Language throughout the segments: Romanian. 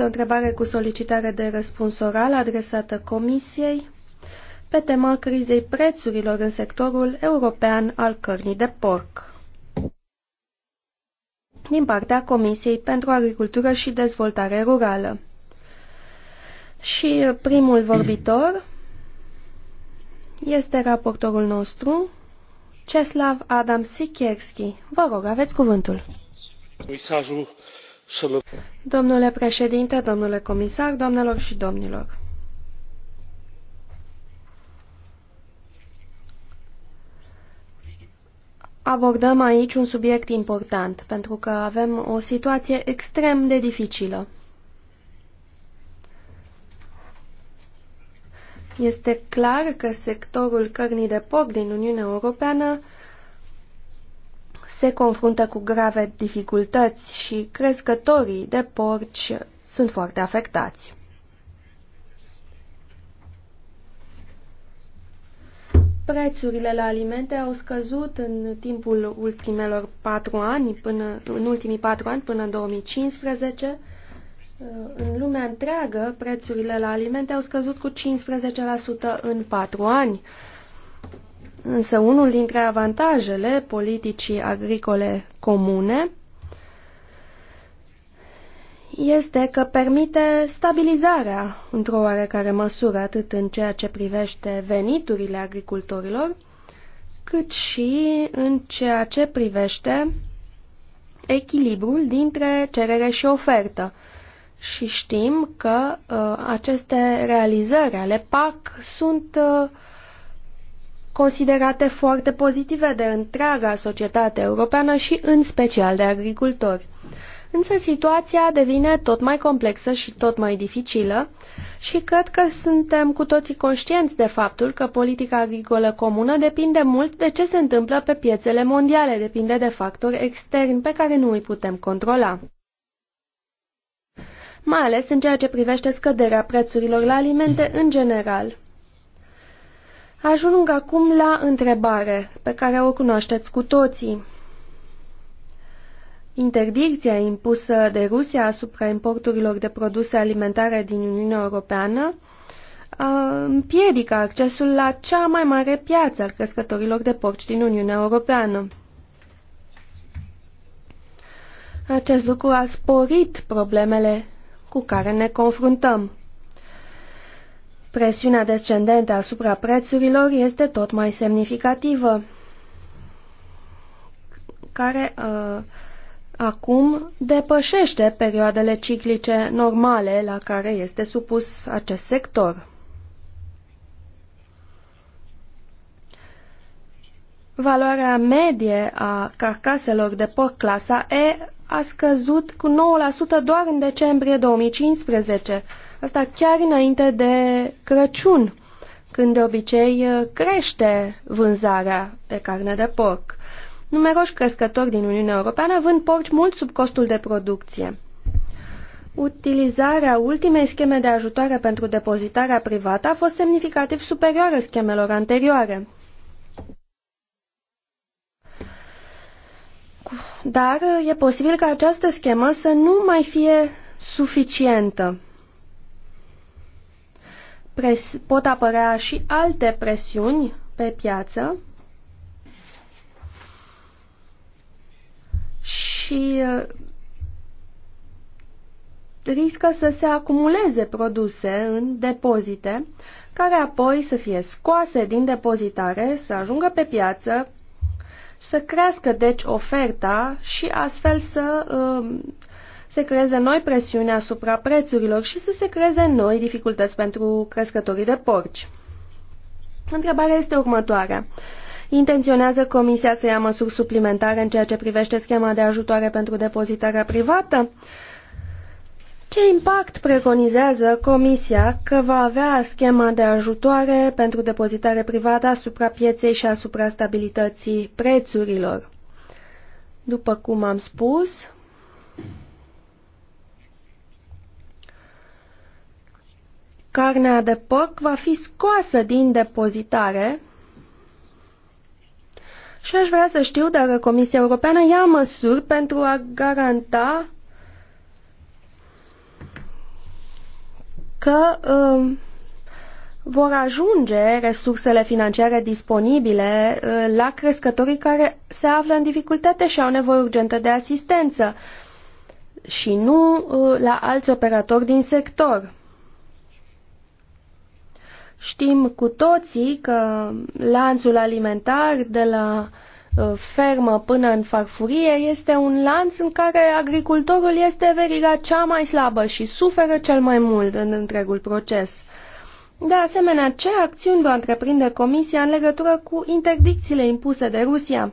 Este o întrebare cu solicitare de răspuns oral adresată Comisiei pe tema crizei prețurilor în sectorul european al cărnii de porc. Din partea Comisiei pentru Agricultură și Dezvoltare Rurală. Și primul vorbitor este raportorul nostru, Ceslav Adam Sikierski. Vă rog, aveți cuvântul. Comisarul Domnule președinte, domnule comisar, doamnelor și domnilor. Abordăm aici un subiect important, pentru că avem o situație extrem de dificilă. Este clar că sectorul cărnii de porc din Uniunea Europeană se confruntă cu grave dificultăți și crescătorii de porci sunt foarte afectați. Prețurile la alimente au scăzut în timpul ultimelor patru ani, până, în ultimii patru ani, până în 2015. În lumea întreagă, prețurile la alimente au scăzut cu 15% în patru ani Însă unul dintre avantajele politicii agricole comune este că permite stabilizarea, într-o oarecare măsură, atât în ceea ce privește veniturile agricultorilor, cât și în ceea ce privește echilibrul dintre cerere și ofertă. Și știm că uh, aceste realizări ale PAC sunt uh, considerate foarte pozitive de întreaga societate europeană și în special de agricultori. Însă situația devine tot mai complexă și tot mai dificilă și cred că suntem cu toții conștienți de faptul că politica agricolă comună depinde mult de ce se întâmplă pe piețele mondiale, depinde de factori externi pe care nu îi putem controla. Mai ales în ceea ce privește scăderea prețurilor la alimente în general. Ajung acum la întrebare pe care o cunoașteți cu toții. Interdicția impusă de Rusia asupra importurilor de produse alimentare din Uniunea Europeană împiedică accesul la cea mai mare piață al crescătorilor de porci din Uniunea Europeană. Acest lucru a sporit problemele cu care ne confruntăm. Presiunea descendentă asupra prețurilor este tot mai semnificativă, care uh, acum depășește perioadele ciclice normale la care este supus acest sector. Valoarea medie a carcaselor de porc clasa E a scăzut cu 9% doar în decembrie 2015, Asta chiar înainte de Crăciun, când de obicei uh, crește vânzarea de carne de porc. Numeroși crescători din Uniunea Europeană vând porci mult sub costul de producție. Utilizarea ultimei scheme de ajutoare pentru depozitarea privată a fost semnificativ superioară schemelor anterioare. Dar uh, e posibil ca această schemă să nu mai fie suficientă pres- pot apărea și alte presiuni pe piață și uh, riscă să se acumuleze produse în depozite, care apoi să fie scoase din depozitare, să ajungă pe piață, să crească deci oferta și astfel să uh, se creeze noi presiuni asupra prețurilor și să se creeze noi dificultăți pentru crescătorii de porci. Întrebarea este următoarea. Intenționează Comisia să ia măsuri suplimentare în ceea ce privește schema de ajutoare pentru depozitarea privată? Ce impact preconizează Comisia că va avea schema de ajutoare pentru depozitare privată asupra pieței și asupra stabilității prețurilor? După cum am spus, Carnea de porc va fi scoasă din depozitare și aș vrea să știu dacă Comisia Europeană ia măsuri pentru a garanta că um, vor ajunge resursele financiare disponibile uh, la crescătorii care se află în dificultate și au nevoie urgentă de asistență și nu uh, la alți operatori din sector. Știm cu toții că lanțul alimentar de la ă, fermă până în farfurie este un lanț în care agricultorul este veriga cea mai slabă și suferă cel mai mult în întregul proces. De asemenea, ce acțiuni va întreprinde Comisia în legătură cu interdicțiile impuse de Rusia?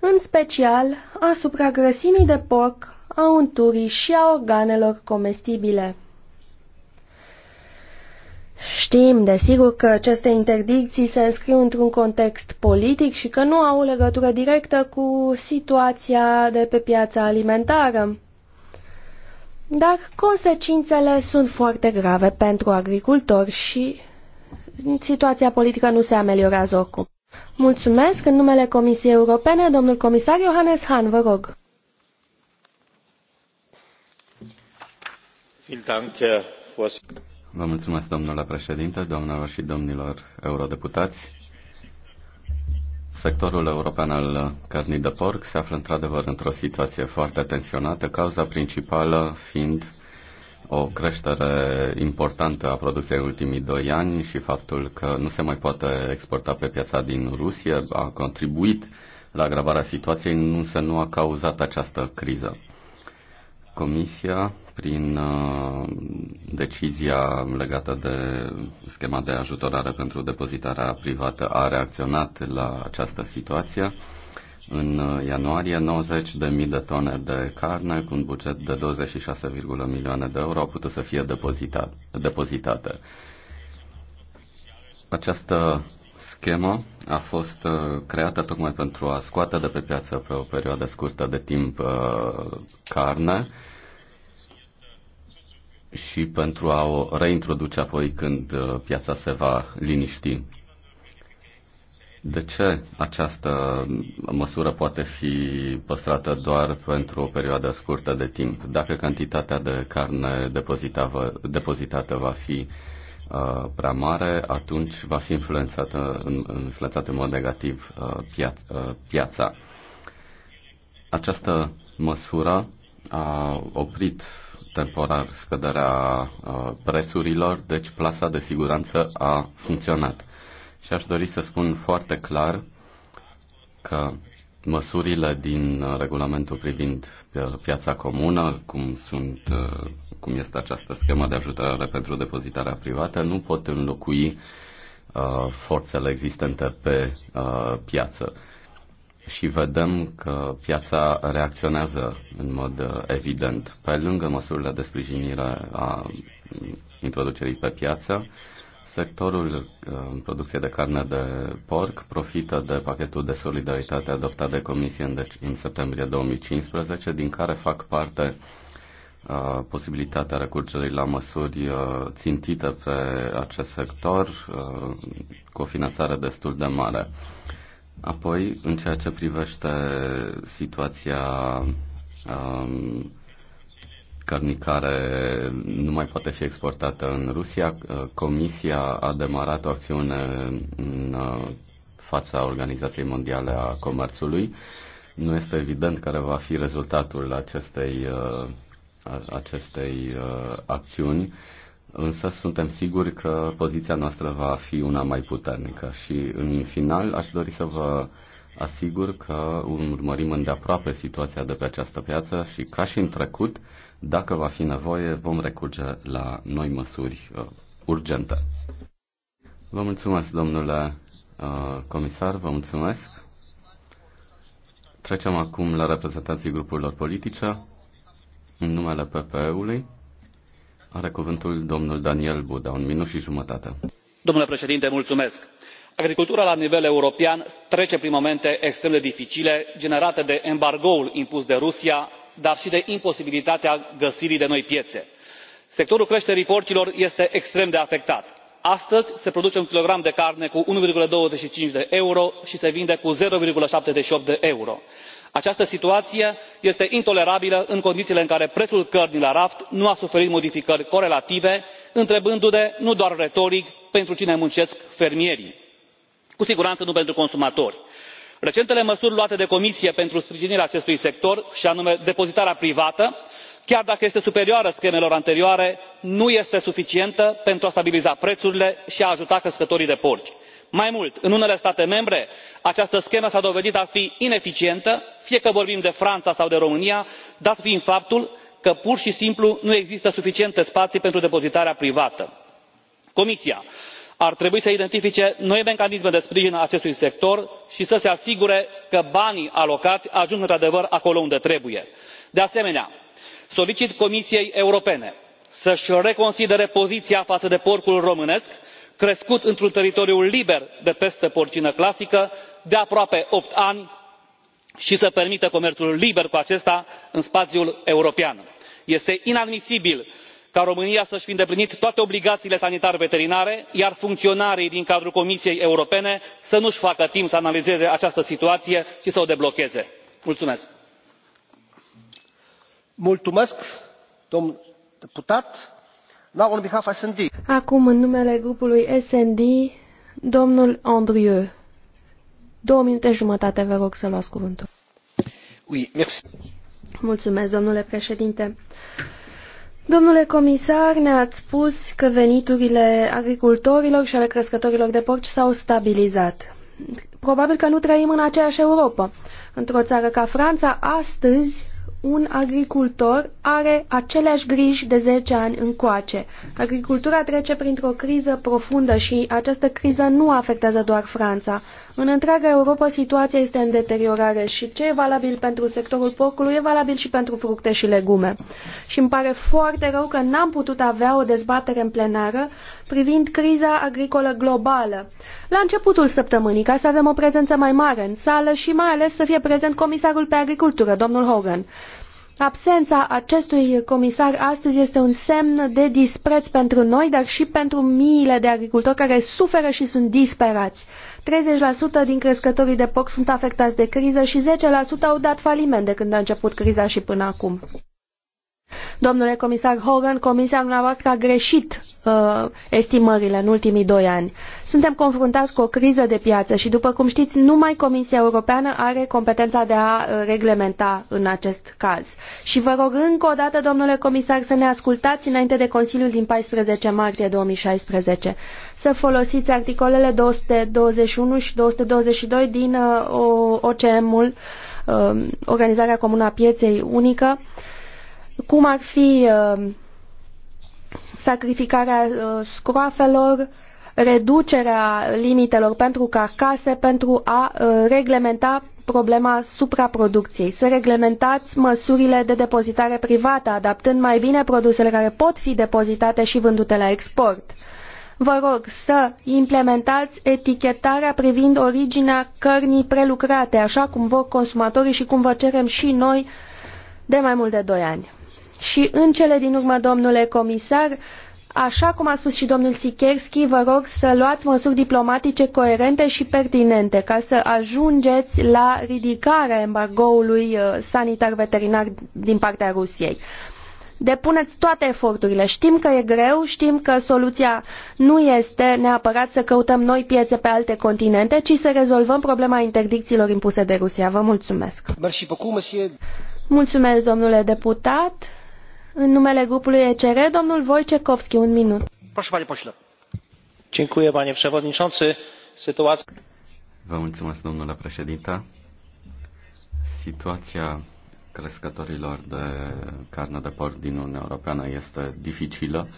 În special, asupra grăsimii de porc, a unturii și a organelor comestibile. Știm, desigur, că aceste interdicții se înscriu într-un context politic și că nu au legătură directă cu situația de pe piața alimentară. Dar consecințele sunt foarte grave pentru agricultori și situația politică nu se ameliorează oricum. Mulțumesc în numele Comisiei Europene, domnul comisar Johannes Hahn, vă rog. Vielen Dank, Herr Vă mulțumesc, domnule președinte, domnilor și domnilor eurodeputați. Sectorul european al cărnii de porc se află într-adevăr într-o situație foarte tensionată, cauza principală fiind o creștere importantă a producției în ultimii doi ani și faptul că nu se mai poate exporta pe piața din Rusia a contribuit la agravarea situației, însă nu a cauzat această criză. Comisia prin uh, decizia legată de schema de ajutorare pentru depozitarea privată a reacționat la această situație. În ianuarie, 90.000 de de tone de carne cu un buget de 26,1 milioane de euro au putut să fie depozita, depozitate. Această schemă a fost uh, creată tocmai pentru a scoate de pe piață pe o perioadă scurtă de timp uh, carne și pentru a o reintroduce apoi când uh, piața se va liniști. De ce această măsură poate fi păstrată doar pentru o perioadă scurtă de timp? Dacă cantitatea de carne depozitată va fi uh, prea mare, atunci va fi influențată, influențată în mod negativ uh, uh piața. Această măsură a oprit temporar scăderea prețurilor, deci plasa de siguranță a funcționat. Și aș dori să spun foarte clar că măsurile din regulamentul privind piața comună, cum, sunt, cum este această schemă de ajutorare pentru depozitarea privată, nu pot înlocui forțele existente pe piață și vedem că piața reacționează în mod evident. Pe lângă măsurile de sprijinire a introducerii pe piață, sectorul în producție de carne de porc profită de pachetul de solidaritate adoptat de Comisie în, septembrie 2015, din care fac parte posibilitatea recurgerii la măsuri țintite pe acest sector cu o finanțare destul de mare. Apoi, în ceea ce privește situația um, cărnicare nu mai poate fi exportată în Rusia, uh, Comisia a demarat o acțiune în uh, fața Organizației Mondiale a Comerțului. Nu este evident care va fi rezultatul acestei, uh, acestei acțiuni însă suntem siguri că poziția noastră va fi una mai puternică. Și în final aș dori să vă asigur că urmărim îndeaproape situația de pe această piață și ca și în trecut, dacă va fi nevoie, vom recurge la noi măsuri uh, urgente. Vă mulțumesc, domnule uh, comisar, vă mulțumesc. Trecem acum la reprezentanții grupurilor politice. În numele PPE-ului, are cuvântul domnul Daniel Buda, un minut și jumătate. Domnule președinte, mulțumesc. Agricultura la nivel european trece prin momente extrem de dificile generate de embargoul impus de rusia dar și de imposibilitatea găsirii de noi piețe. sectorul creșterii porcilor este extrem de afectat astăzi se produce un kilogram de carne cu 1,25 de euro și se vinde cu 0,78 de euro această situație este intolerabilă în condițiile în care prețul cărnii la raft nu a suferit modificări corelative întrebându ne nu doar retoric pentru cine muncesc fermierii cu siguranță nu pentru consumatori. recentele măsuri luate de comisie pentru sprijinirea acestui sector și anume depozitarea privată chiar dacă este superioară schemelor anterioare nu este suficientă pentru a stabiliza prețurile și a ajuta crescătorii de porci mai mult în unele state membre această schemă s a dovedit a fi ineficientă fie că vorbim de franța sau de românia dat fiind faptul că pur și simplu nu există suficiente spații pentru depozitarea privată. comisia ar trebui să identifice noi mecanisme de sprijin a acestui sector și să se asigure că banii alocați ajung într adevăr acolo unde trebuie. de asemenea solicit comisiei europene să își reconsidere poziția față de porcul românesc crescut într un teritoriu liber de peste porcină clasică de aproape opt ani și să permită comerțul liber cu acesta în spațiul european. este inadmisibil ca românia să și fi îndeplinit toate obligațiile sanitar veterinare iar funcționarii din cadrul comisiei europene să nu și facă timp să analizeze această situație și să o deblocheze. mulțumesc. Acum, în numele grupului SND, domnul Andrieu. Două minute jumătate, vă rog să luați cuvântul. Oui, merci. Mulțumesc, domnule președinte. Domnule comisar, ne-ați spus că veniturile agricultorilor și ale crescătorilor de porci s-au stabilizat. Probabil că nu trăim în aceeași Europa. Într-o țară ca Franța, astăzi, un agricultor are aceleași griji de 10 ani încoace. Agricultura trece printr-o criză profundă și această criză nu afectează doar Franța. În întreaga Europa situația este în deteriorare și ce e valabil pentru sectorul porcului e valabil și pentru fructe și legume. Și îmi pare foarte rău că n-am putut avea o dezbatere în plenară privind criza agricolă globală. La începutul săptămânii, ca să avem o prezență mai mare în sală și mai ales să fie prezent comisarul pe agricultură, domnul Hogan. Absența acestui comisar astăzi este un semn de dispreț pentru noi, dar și pentru miile de agricultori care suferă și sunt disperați. 30% din crescătorii de porc sunt afectați de criză și 10% au dat faliment de când a început criza și până acum. Domnule comisar Hogan, comisia dumneavoastră a greșit uh, estimările în ultimii doi ani. Suntem confruntați cu o criză de piață și, după cum știți, numai Comisia Europeană are competența de a uh, reglementa în acest caz. Și vă rog încă o dată, domnule comisar, să ne ascultați înainte de Consiliul din 14 martie 2016. Să folosiți articolele 221 și 222 din uh, OCM-ul, uh, Organizarea Comună a Pieței Unică, cum ar fi uh, sacrificarea uh, scroafelor, reducerea limitelor pentru carcase pentru a uh, reglementa problema supraproducției, să reglementați măsurile de depozitare privată, adaptând mai bine produsele care pot fi depozitate și vândute la export. Vă rog să implementați etichetarea privind originea cărnii prelucrate, așa cum vor consumatorii și cum vă cerem și noi de mai mult de 2 ani. Și în cele din urmă, domnule comisar, Așa cum a spus și domnul Sikerski, vă rog să luați măsuri diplomatice coerente și pertinente ca să ajungeți la ridicarea embargoului uh, sanitar-veterinar din partea Rusiei. Depuneți toate eforturile. Știm că e greu, știm că soluția nu este neapărat să căutăm noi piețe pe alte continente, ci să rezolvăm problema interdicțiilor impuse de Rusia. Vă mulțumesc. Mulțumesc, domnule deputat. În numele grupului ECR, domnul Wojciechowski, un minut. Vă mulțumesc, domnule președinte. Situația crescătorilor de carne de porc din Uniunea Europeană este dificilă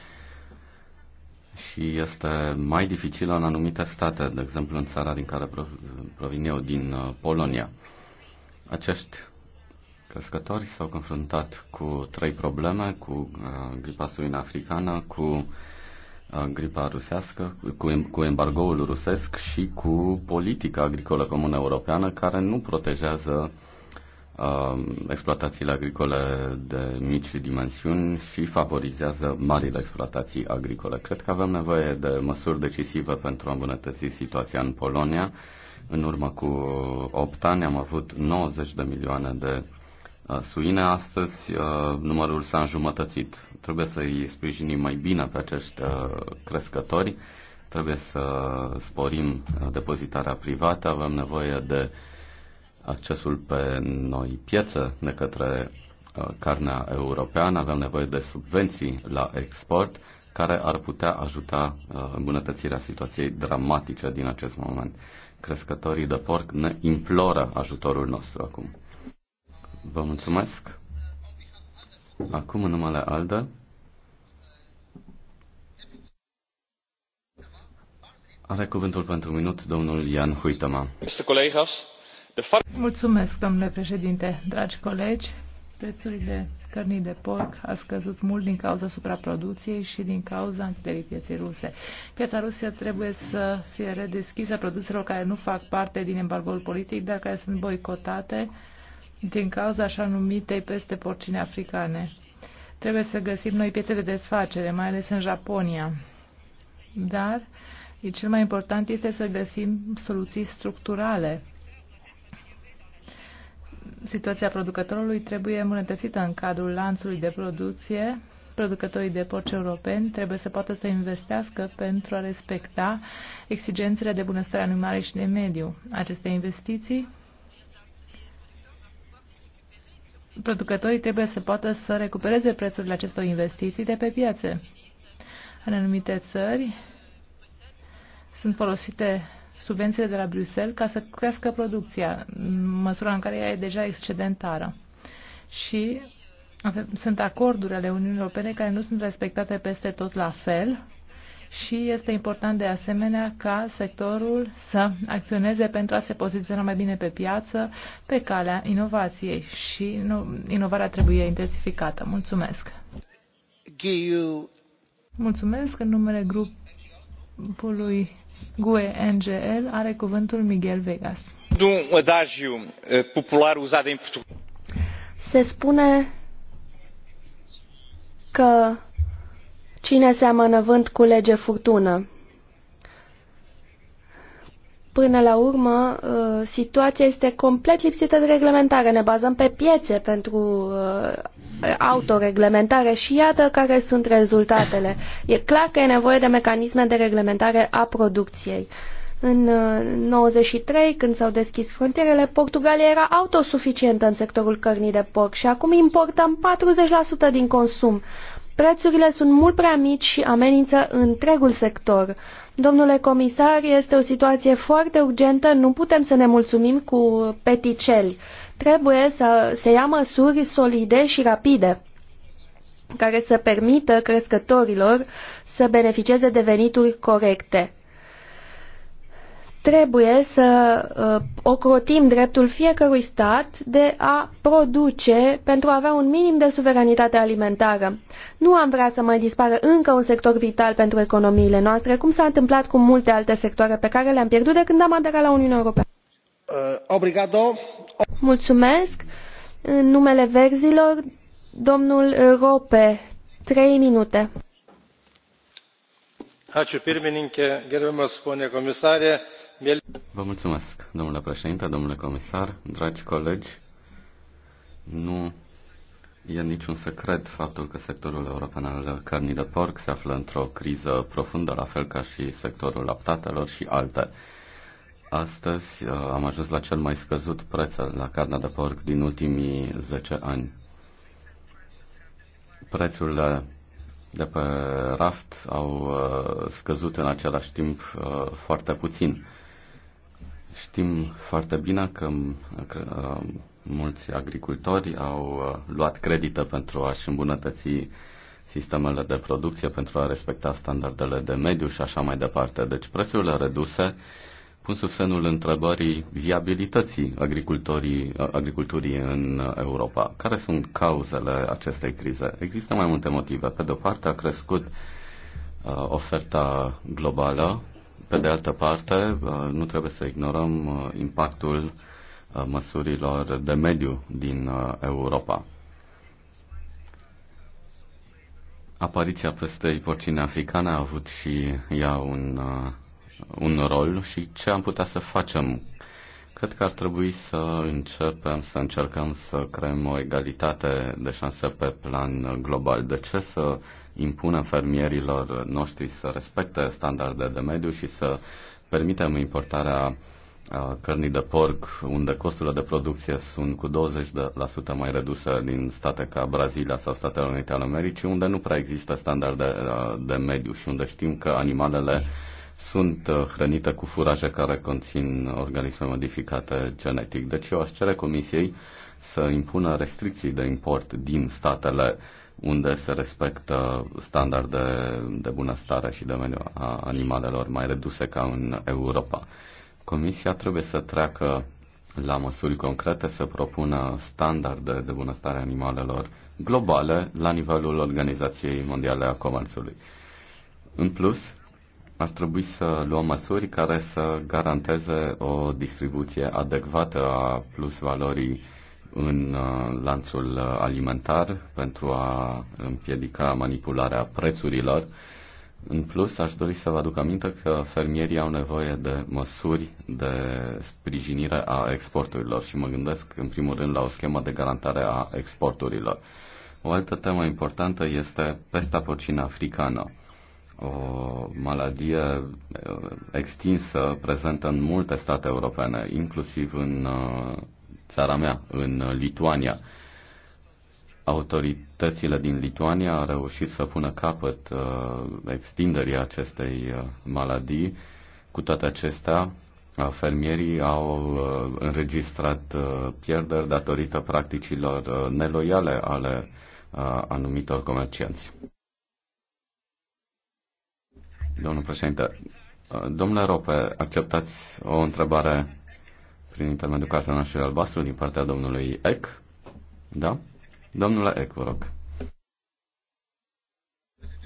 și este mai dificilă în anumite state, de exemplu în țara din care provin eu, din Polonia. Acești Crescători s-au confruntat cu trei probleme, cu uh, gripa suină africană, cu uh, gripa rusească, cu, cu embargoul rusesc și cu politica agricolă comună europeană care nu protejează uh, exploatațiile agricole de mici dimensiuni și favorizează marile exploatații agricole. Cred că avem nevoie de măsuri decisive pentru a îmbunătăți situația în Polonia. În urmă cu 8 ani am avut 90 de milioane de suine astăzi, numărul s-a înjumătățit. Trebuie să îi sprijinim mai bine pe acești crescători, trebuie să sporim depozitarea privată, avem nevoie de accesul pe noi piețe de către carnea europeană, avem nevoie de subvenții la export care ar putea ajuta îmbunătățirea situației dramatice din acest moment. Crescătorii de porc ne imploră ajutorul nostru acum. Vă mulțumesc. Acum în numele Alda. Are cuvântul pentru un minut domnul Ian Huitama. Mulțumesc, domnule președinte, dragi colegi. Prețurile cărnii de porc a scăzut mult din cauza supraproducției și din cauza închiderii pieței ruse. Piața Rusia trebuie să fie redeschisă produselor care nu fac parte din embargoul politic, dar care sunt boicotate din cauza așa numitei peste porcine africane. Trebuie să găsim noi piețe de desfacere, mai ales în Japonia. Dar cel mai important este să găsim soluții structurale. Situația producătorului trebuie îmbunătățită în cadrul lanțului de producție. Producătorii de porci europeni trebuie să poată să investească pentru a respecta exigențele de bunăstare animale și de mediu. Aceste investiții producătorii trebuie să poată să recupereze prețurile acestor investiții de pe piațe. În anumite țări sunt folosite subvențiile de la Bruxelles ca să crească producția, în măsura în care ea e deja excedentară. Și sunt acorduri ale Uniunii Europene care nu sunt respectate peste tot la fel și este important de asemenea ca sectorul să acționeze pentru a se poziționa mai bine pe piață, pe calea inovației și inovarea trebuie intensificată. Mulțumesc! Mulțumesc în numele grupului GUE NGL are cuvântul Miguel Vegas. un adagiu eh, popular uzat în Portugal. Se spune că Cine seamănă vânt cu lege furtună? Până la urmă, uh, situația este complet lipsită de reglementare. Ne bazăm pe piețe pentru uh, autoreglementare și iată care sunt rezultatele. E clar că e nevoie de mecanisme de reglementare a producției. În 93, uh, când s-au deschis frontierele, Portugalia era autosuficientă în sectorul cărnii de porc și acum importăm 40% din consum. Prețurile sunt mult prea mici și amenință întregul sector. Domnule comisar, este o situație foarte urgentă, nu putem să ne mulțumim cu peticeli. Trebuie să se ia măsuri solide și rapide care să permită crescătorilor să beneficieze de venituri corecte trebuie să uh, ocrotim dreptul fiecărui stat de a produce pentru a avea un minim de suveranitate alimentară. Nu am vrea să mai dispară încă un sector vital pentru economiile noastre, cum s-a întâmplat cu multe alte sectoare pe care le-am pierdut de când am aderat la Uniunea Europeană. Uh, obrigado. Mulțumesc. În numele verzilor, domnul Rope, trei minute. Vă mulțumesc, domnule președinte, domnule comisar, dragi colegi. Nu e niciun secret faptul că sectorul european al cărnii de porc se află într-o criză profundă, la fel ca și sectorul laptatelor și alte. Astăzi uh, am ajuns la cel mai scăzut preț la carnea de porc din ultimii 10 ani. Prețurile de pe raft au uh, scăzut în același timp uh, foarte puțin. Știm foarte bine că uh, mulți agricultori au luat credită pentru a-și îmbunătăți sistemele de producție, pentru a respecta standardele de mediu și așa mai departe. Deci prețurile reduse uh, pun sub semnul întrebării viabilității agricultorii, agriculturii în Europa. Care sunt cauzele acestei crize? Există mai multe motive. Pe de-o parte a crescut uh, oferta globală, pe de altă parte uh, nu trebuie să ignorăm uh, impactul uh, măsurilor de mediu din uh, Europa. Apariția pestei porcine africane a avut și ea un uh, un rol și ce am putea să facem. Cred că ar trebui să începem, să încercăm să creăm o egalitate de șanse pe plan global. De ce să impunem fermierilor noștri să respecte standarde de mediu și să permitem importarea cărnii de porc, unde costurile de producție sunt cu 20% mai reduse din state ca Brazilia sau Statele Unite ale Americii, unde nu prea există standarde de mediu și unde știm că animalele sunt uh, hrănite cu furaje care conțin organisme modificate genetic. Deci eu aș cere Comisiei să impună restricții de import din statele unde se respectă standarde de bunăstare și de mediu a animalelor mai reduse ca în Europa. Comisia trebuie să treacă la măsuri concrete, să propună standarde de bunăstare animalelor globale la nivelul Organizației Mondiale a Comerțului. În plus, ar trebui să luăm măsuri care să garanteze o distribuție adecvată a plusvalorii în uh, lanțul alimentar pentru a împiedica manipularea prețurilor. În plus, aș dori să vă aduc aminte că fermierii au nevoie de măsuri de sprijinire a exporturilor și mă gândesc în primul rând la o schemă de garantare a exporturilor. O altă temă importantă este pesta porcină africană o maladie uh, extinsă prezentă în multe state europene, inclusiv în uh, țara mea, în uh, Lituania. Autoritățile din Lituania au reușit să pună capăt extinderii acestei maladii. Cu toate acestea, fermierii au înregistrat pierderi datorită practicilor neloiale ale anumitor comercianți domnul președinte. Domnule Rope, acceptați o întrebare prin intermediul cartonașului albastru din partea domnului Eck? Da? Domnule Eck, vă rog.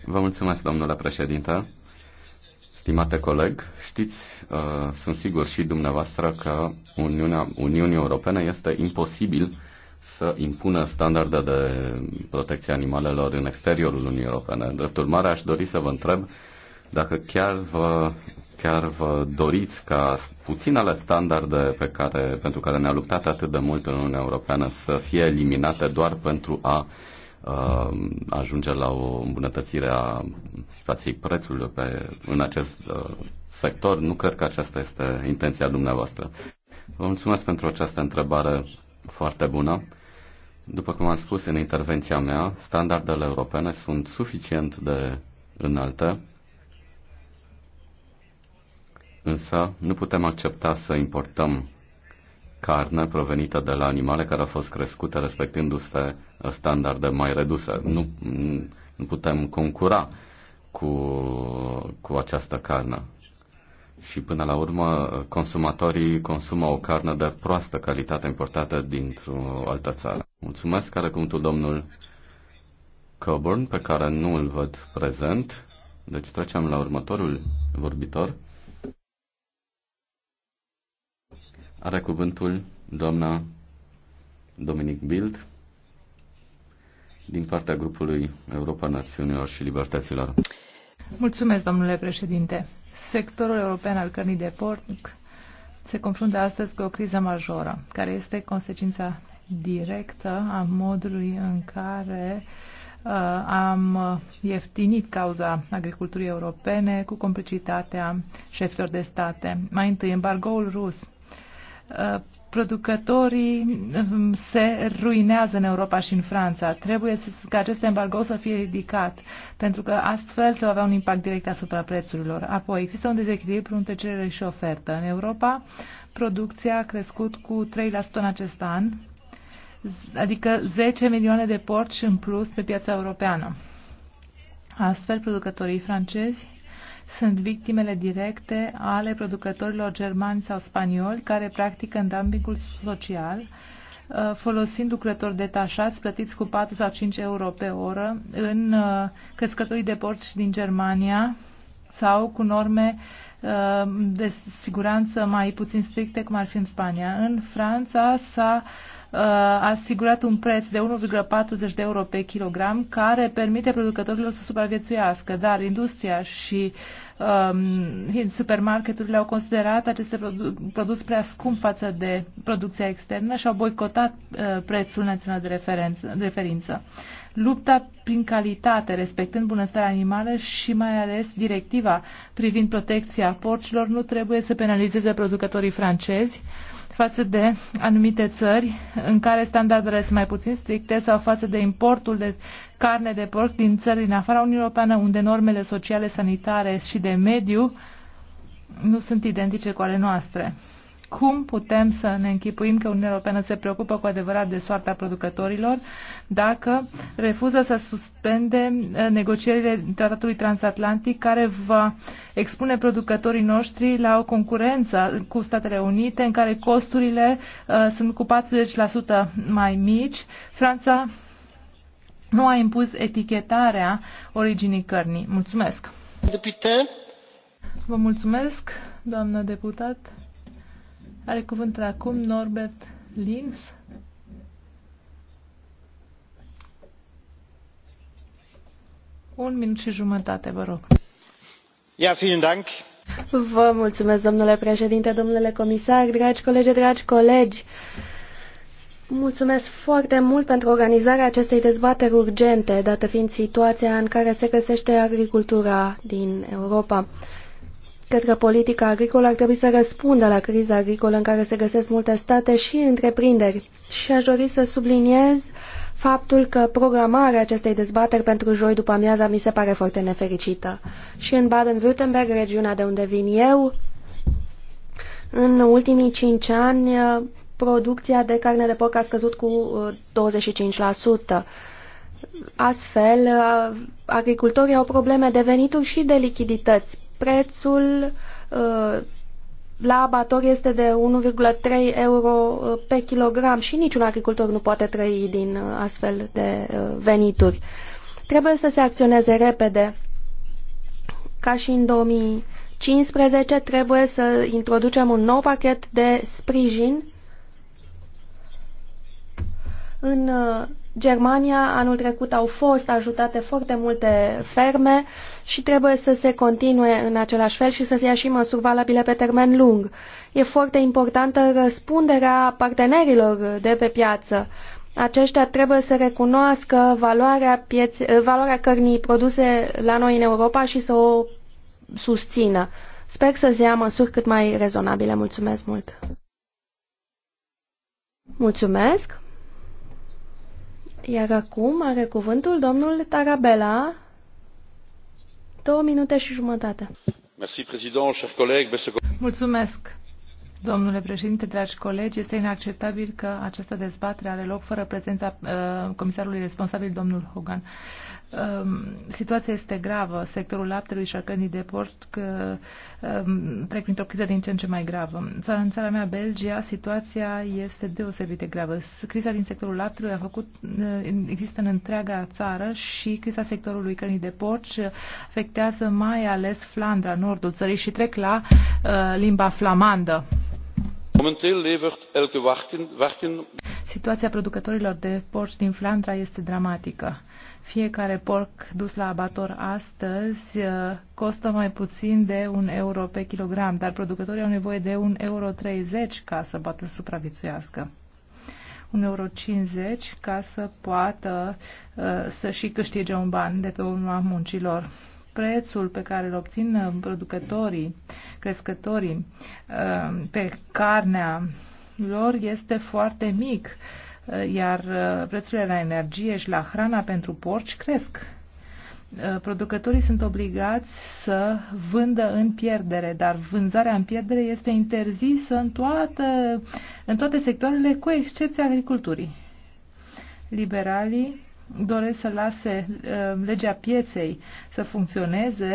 Vă mulțumesc, domnule președinte. Stimate coleg, știți, uh, sunt sigur și dumneavoastră că Uniunea, Uniunii Europene este imposibil să impună standarde de protecție animalelor în exteriorul Uniunii Europene. Drept urmare, aș dori să vă întreb uh, dacă chiar vă, chiar vă doriți ca puținele standarde pe care, pentru care ne-a luptat atât de mult în Uniunea Europeană să fie eliminate doar pentru a uh, ajunge la o îmbunătățire a situației prețului pe, în acest uh, sector, nu cred că aceasta este intenția dumneavoastră. Vă mulțumesc pentru această întrebare foarte bună. După cum am spus în intervenția mea, standardele europene sunt suficient de înalte Însă nu putem accepta să importăm carne provenită de la animale care au fost crescute respectându-se standarde mai reduse. Nu, nu putem concura cu, cu această carne. Și până la urmă, consumatorii consumă o carne de proastă calitate importată dintr-o altă țară. Mulțumesc, care cuvântul domnul Coburn, pe care nu îl văd prezent. Deci trecem la următorul vorbitor. Are cuvântul doamna Dominic Bild din partea grupului Europa Națiunilor și Libertăților. Mulțumesc, domnule președinte. Sectorul european al cărnii de porc se confruntă astăzi cu o criză majoră, care este consecința directă a modului în care uh, am ieftinit cauza agriculturii europene cu complicitatea șefilor de state. Mai întâi, embargoul rus Uh, producătorii um, se ruinează în Europa și în Franța. Trebuie să, ca acest embargo să fie ridicat, pentru că astfel se va avea un impact direct asupra prețurilor. Apoi, există un dezechilibru între cerere și ofertă. În Europa, producția a crescut cu 3% în acest an, adică 10 milioane de porci în plus pe piața europeană. Astfel, producătorii francezi sunt victimele directe ale producătorilor germani sau spanioli care practică dumpingul social uh, folosind lucrători detașați plătiți cu 4 sau 5 euro pe oră în uh, crescătorii de porci din Germania sau cu norme uh, de siguranță mai puțin stricte, cum ar fi în Spania. În Franța s-a uh, asigurat un preț de 1,40 de euro pe kilogram care permite producătorilor să supraviețuiască, dar industria și um, supermarketurile au considerat aceste produ produs prea scump față de producția externă și au boicotat uh, prețul național de referință lupta prin calitate, respectând bunăstarea animală și mai ales directiva privind protecția porcilor, nu trebuie să penalizeze producătorii francezi față de anumite țări în care standardele sunt mai puțin stricte sau față de importul de carne de porc din țări din afara Uniunii Europeană unde normele sociale, sanitare și de mediu nu sunt identice cu ale noastre cum putem să ne închipuim că Uniunea Europeană se preocupă cu adevărat de soarta producătorilor dacă refuză să suspende eh, negocierile tratatului transatlantic care va expune producătorii noștri la o concurență cu Statele Unite în care costurile uh, sunt cu 40% mai mici. Franța nu a impus etichetarea originii cărnii. Mulțumesc! Vă mulțumesc, doamnă deputat. Are cuvântul acum Norbert Lins. Un minut și jumătate, vă rog. Ja, vielen Dank. Vă mulțumesc, domnule președinte, domnule comisar, dragi colegi, dragi colegi. Mulțumesc foarte mult pentru organizarea acestei dezbateri urgente, dată fiind situația în care se găsește agricultura din Europa. Cred că politica agricolă ar trebui să răspundă la criza agricolă în care se găsesc multe state și întreprinderi. Și aș dori să subliniez faptul că programarea acestei dezbateri pentru joi după amiaza mi se pare foarte nefericită. Și în Baden-Württemberg, regiunea de unde vin eu, în ultimii cinci ani uh, producția de carne de porc a scăzut cu 25%. Uh, Astfel, uh, agricultorii au probleme de venituri și de lichidități Prețul uh, la abator este de 1,3 euro uh, pe kilogram și niciun agricultor nu poate trăi din uh, astfel de venituri. Trebuie să se acționeze repede. Ca și în 2015 trebuie să introducem un nou pachet de sprijin. În Germania anul trecut au fost ajutate foarte multe ferme și trebuie să se continue în același fel și să se ia și măsuri valabile pe termen lung. E foarte importantă răspunderea partenerilor de pe piață. Aceștia trebuie să recunoască valoarea, pieț valoarea cărnii produse la noi în Europa și să o susțină. Sper să se ia măsuri cât mai rezonabile. Mulțumesc mult! Mulțumesc! Iar acum are cuvântul domnul Tarabela Două minute și jumătate. Mulțumesc, domnule președinte, dragi colegi. Este inacceptabil că această dezbatere are loc fără prezența uh, comisarului responsabil, domnul Hogan. Um, situația este gravă. Sectorul laptelui și a de port că, um, trec printr-o criză din ce în ce mai gravă. Țara, în țara mea, Belgia, situația este deosebit de gravă. Criza din sectorul laptelui a făcut, uh, există în întreaga țară și criza sectorului cărnii de porc afectează mai ales Flandra, nordul țării și trec la uh, limba flamandă. levert elke Situația producătorilor de porci din Flandra este dramatică fiecare porc dus la abator astăzi uh, costă mai puțin de un euro pe kilogram, dar producătorii au nevoie de un euro 30 ca să poată supraviețuiască. un euro ca să poată uh, să și câștige un ban de pe urma muncilor. Prețul pe care îl obțin uh, producătorii, crescătorii pe carnea lor este foarte mic Eh, iar eh, prețurile la energie și la hrana pentru porci cresc. Eh, producătorii sunt obligați să vândă în pierdere, dar vânzarea în pierdere este interzisă în toate, în toate sectoarele, cu excepția agriculturii. Liberalii doresc să lase uh, legea pieței să funcționeze,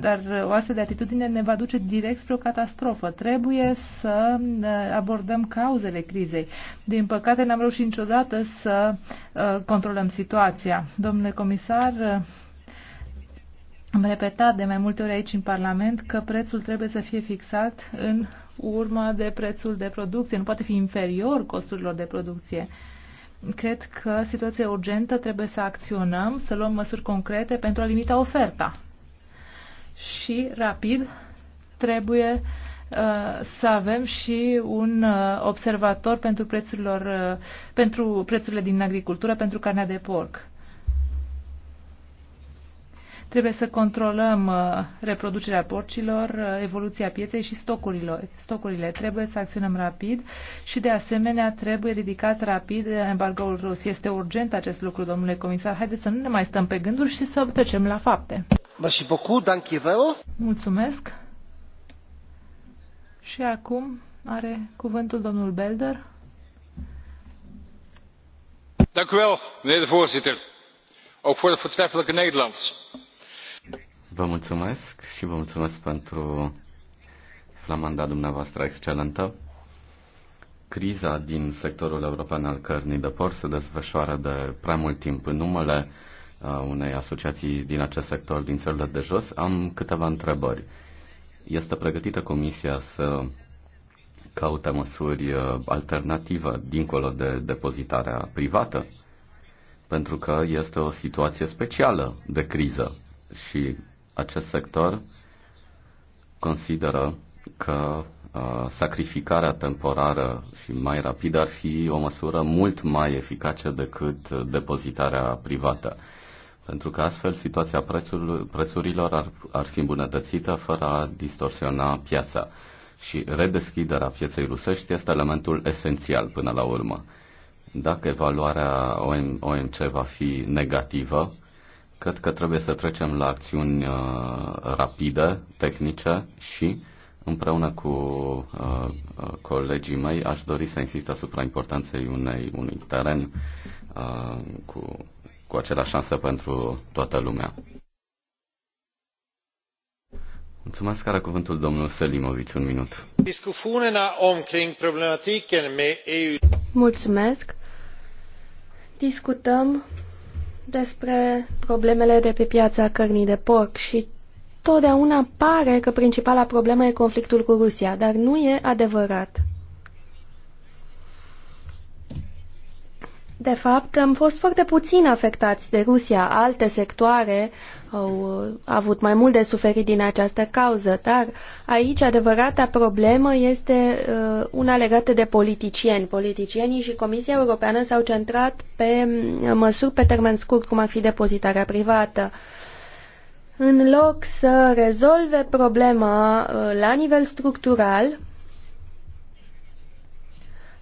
dar o astfel de atitudine ne va duce direct spre o catastrofă. Trebuie să uh, abordăm cauzele crizei. Din păcate n-am reușit niciodată să uh, controlăm situația. Domnule comisar, am repetat de mai multe ori aici în Parlament că prețul trebuie să fie fixat în urma de prețul de producție. Nu poate fi inferior costurilor de producție. Uh, Cred că situația urgentă trebuie să acționăm, să luăm măsuri concrete pentru a limita oferta. Și, rapid, trebuie uh, să avem și un uh, observator pentru, prețurilor, uh, pentru prețurile din agricultură, pentru carnea de porc. Trebuie să controlăm uh, reproducerea porcilor, uh, evoluția pieței și stocurilor. stocurile. Trebuie să acționăm rapid și, de asemenea, trebuie ridicat rapid embargoul rus. Este urgent acest lucru, domnule comisar. Haideți să nu ne mai stăm pe gânduri și să trecem la fapte. Mulțumesc. Și acum are cuvântul domnul Belder. Dank u wel, meneer de voorzitter. Ook voor de voortreffelijke Nederlands. Vă mulțumesc și vă mulțumesc pentru flamanda dumneavoastră excelentă. Criza din sectorul european al cărnii de porc se desfășoară de prea mult timp. În numele uh, unei asociații din acest sector din țările de jos, am câteva întrebări. Este pregătită Comisia să caute măsuri uh, alternative dincolo de depozitarea privată? Pentru că este o situație specială de criză și acest sector consideră că uh, sacrificarea temporară și mai rapidă ar fi o măsură mult mai eficace decât depozitarea privată. Pentru că astfel situația prețurilor ar, ar fi îmbunătățită fără a distorsiona piața. Și redeschiderea pieței rusești este elementul esențial până la urmă. Dacă evaluarea OMC va fi negativă, Cred că trebuie să trecem la acțiuni uh, rapide, tehnice și împreună cu uh, colegii mei aș dori să insist asupra importanței unei, unui teren uh, cu, cu acelea șansă pentru toată lumea. Mulțumesc, care cuvântul domnul Selimovic, un minut. Mulțumesc. Discutăm despre problemele de pe piața cărnii de porc și totdeauna pare că principala problemă e conflictul cu Rusia, dar nu e adevărat. De fapt, am fost foarte puțin afectați de Rusia. Alte sectoare au uh, avut mai mult de suferit din această cauză, dar aici adevărata problemă este uh, una legată de politicieni. Politicienii și Comisia Europeană s-au centrat pe uh, măsuri pe termen scurt, cum ar fi depozitarea privată. În loc să rezolve problema la nivel structural,